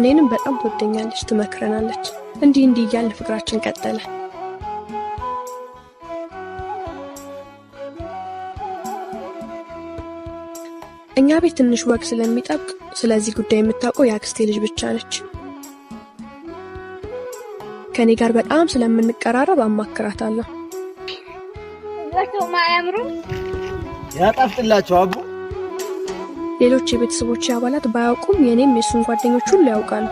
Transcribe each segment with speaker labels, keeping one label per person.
Speaker 1: እኔንም በጣም ትወደኛለች፣ ትመክረናለች። እንዲህ እንዲህ እያልን ፍቅራችን ቀጠለ። እኛ ቤት ትንሽ ወግ ስለሚጠብቅ ስለዚህ ጉዳይ የምታውቀው የአክስቴ ልጅ ብቻ ነች። ከእኔ ጋር በጣም ስለምንቀራረብ አማክራታለሁ። ያጣፍጥላቸው አቡ ሌሎች የቤተሰቦች አባላት ባያውቁም የእኔም የሱን ጓደኞች ሁሉ ያውቃሉ።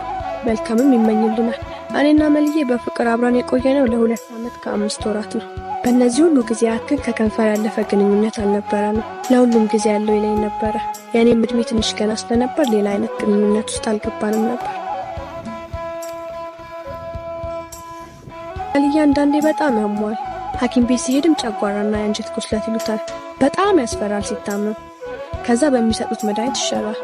Speaker 1: መልካምም ይመኝልናል። እኔና መልዬ በፍቅር አብረን የቆየነው ለሁለት ዓመት ከአምስት ወራት ነው። በእነዚህ ሁሉ ጊዜ ግን ከከንፈር ያለፈ ግንኙነት አልነበረ ነው። ለሁሉም ጊዜ ያለው ይለኝ ነበረ። የእኔም እድሜ ትንሽ ገና ስለነበር ሌላ አይነት ግንኙነት ውስጥ አልገባንም ነበር። መልዬ አንዳንዴ በጣም ያሟል። ሐኪም ቤት ሲሄድም ጨጓራና የአንጀት ቁስለት ይሉታል። በጣም ያስፈራል ሲታመም ከዛ በሚሰጡት መድኃኒት ይሻላል።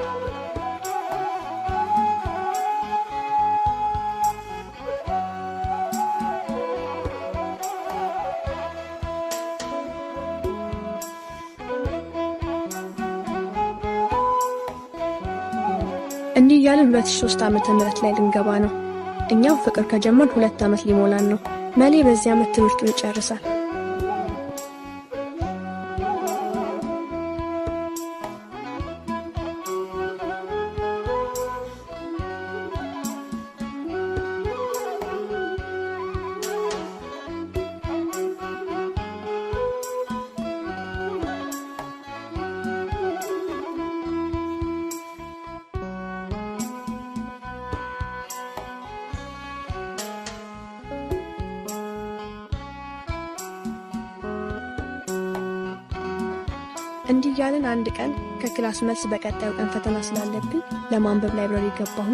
Speaker 1: እንዲህ እያለን 2003 ዓመተ ምህረት ላይ ልንገባ ነው። እኛም ፍቅር ከጀመር ሁለት ዓመት ሊሞላን ነው። መሌ በዚህ ዓመት ትምህርቱን ይጨርሳል። እንዲህ እያልን አንድ ቀን ከክላስ መልስ በቀጣዩ ቀን ፈተና ስላለብኝ ለማንበብ ላይብረሪ ገባሁ።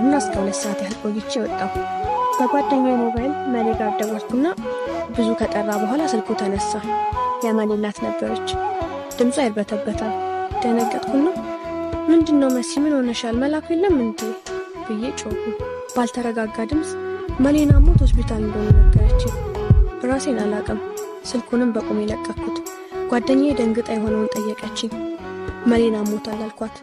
Speaker 1: እና እስከ ሁለት ሰዓት ያህል ቆይቼ የወጣሁ በጓደኛው ሞባይል መሌ ጋር ደወልኩና ብዙ ከጠራ በኋላ ስልኩ ተነሳ። የመሌ እናት ነበረች። ድምፁ አይርበተበታል። ደነገጥኩና ምንድን ነው መሲ ምን ሆነሻል? መላኩ የለም እንዴ ብዬ ጮኩ። ባልተረጋጋ ድምፅ መሌና ሞት ሆስፒታል እንደሆነ ነገረች። ራሴን አላቅም። ስልኩንም በቁም የለቀኩት። ጓደኛ ደንግጣ የሆነውን ጠየቀችኝ። መሌና ሞት አላልኳት